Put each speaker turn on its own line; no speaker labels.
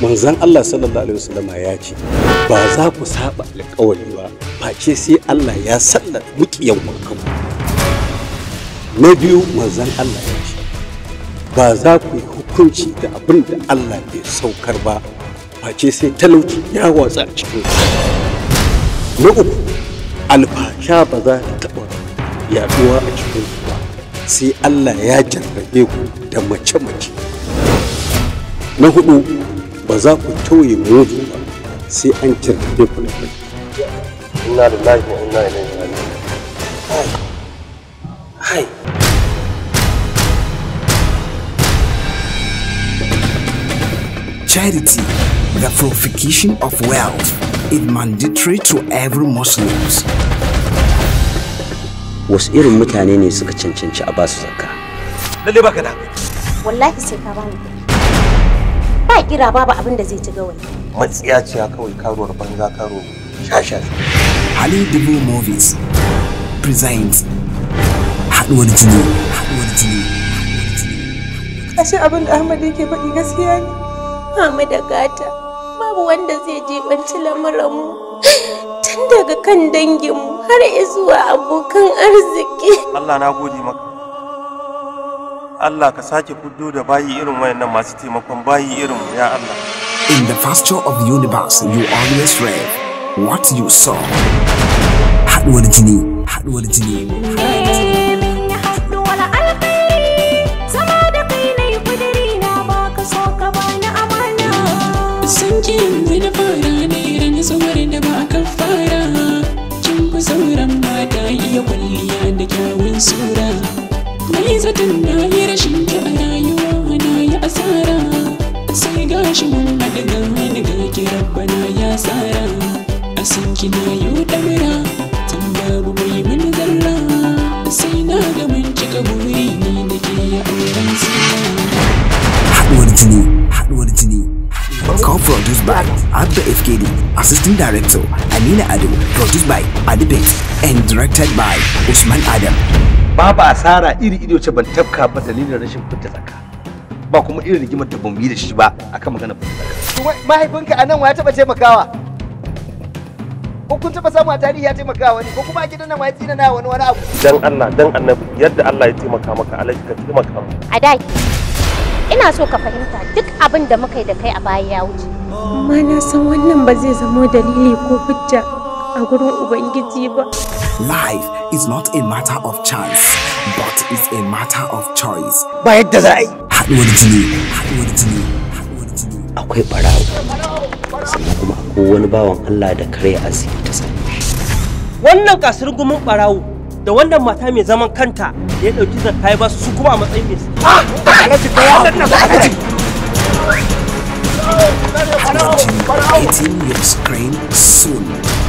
manzon Allah sallallahu alaihi wasallama ya ce ba za ku saba alƙawari ba face sai Allah ya sallar mukiyan kanku na biyu manzon Allah ya ce ba za ku yi hukunci da abin da Allah bai saukar ba face sai talauci ya watsa cikin cikin na uku alfasha ba za ta taɓa yaɗuwa a cikin ba sai Allah ya jarrabe ku da mace-mace na hudu ba za ku tauye mudu ba sai an cirkade ku da kai inna lillahi wa inna ilaihi raji'un hai charity the purification of wealth is mandatory to every muslims wasu irin mutane ne suka cancanci a basu zakka lalle baka da wallahi sai ka bani kira babu abin da zai ci ce Matsiyaciya kawai karuwar banza karo shasha. Ali Dubu Movies presents haɗuwar jini haɗuwar jini. Ashe abin da Ahmad yake faɗi gaskiya ne. Ahmad da gata babu wanda zai jibanci lamuranmu tun daga kan danginmu har zuwa abokan arziki. Allah na gode maka. Allah ka sake kuddo da bayi irin wayannan masu taimakon bayi irin ya Allah in the pasture of the universe you always read what you saw haduwar jini haduwar jini idan da ba mata iya kwalliya da kyawun sura. yi zaton na yi rashin ki a rayuwa na yi asara sai gashi mun haɗu ga wani ga ki rabbana ya tsara a san na yi Co-produced by Abda FKD, Assistant Director Amina Ado, produced by Adipix and directed by Usman Adam. Baba asara iri-iri wacce ban tabka ba dalilin rashin fitta tsaka. Ba kuma irin rigimar da ban yi da shi ba akan magana fitta tsaka. Mahaifinka a nan wa ya taɓa taimakawa? ko kun taɓa samu a tarihi ya taimaka wani ko kuma a gidan nan ma ya tsina na wani wani abu dan Allah dan annabi yadda Allah ya taimaka maka alaji ka taimaka a dai ina so ka fahimta duk abin da muka yi da kai a baya ya wuce amma na san wannan ba zai zama dalili ko hujja a gurin ubangiji ba life is not a matter of chance but it's a matter of choice ba yadda za a yi haɗuwar jini haɗuwar jini haɗuwar jini akwai ɓarawo sannan kuma akwai wani bawan Allah da kare asiri ta sami wannan kasar gumin ɓarawo da wannan mata mai zaman kanta da ya ɗauki zakka ba su kuma a matsayin mai su. Alhaji ka yawo! soon.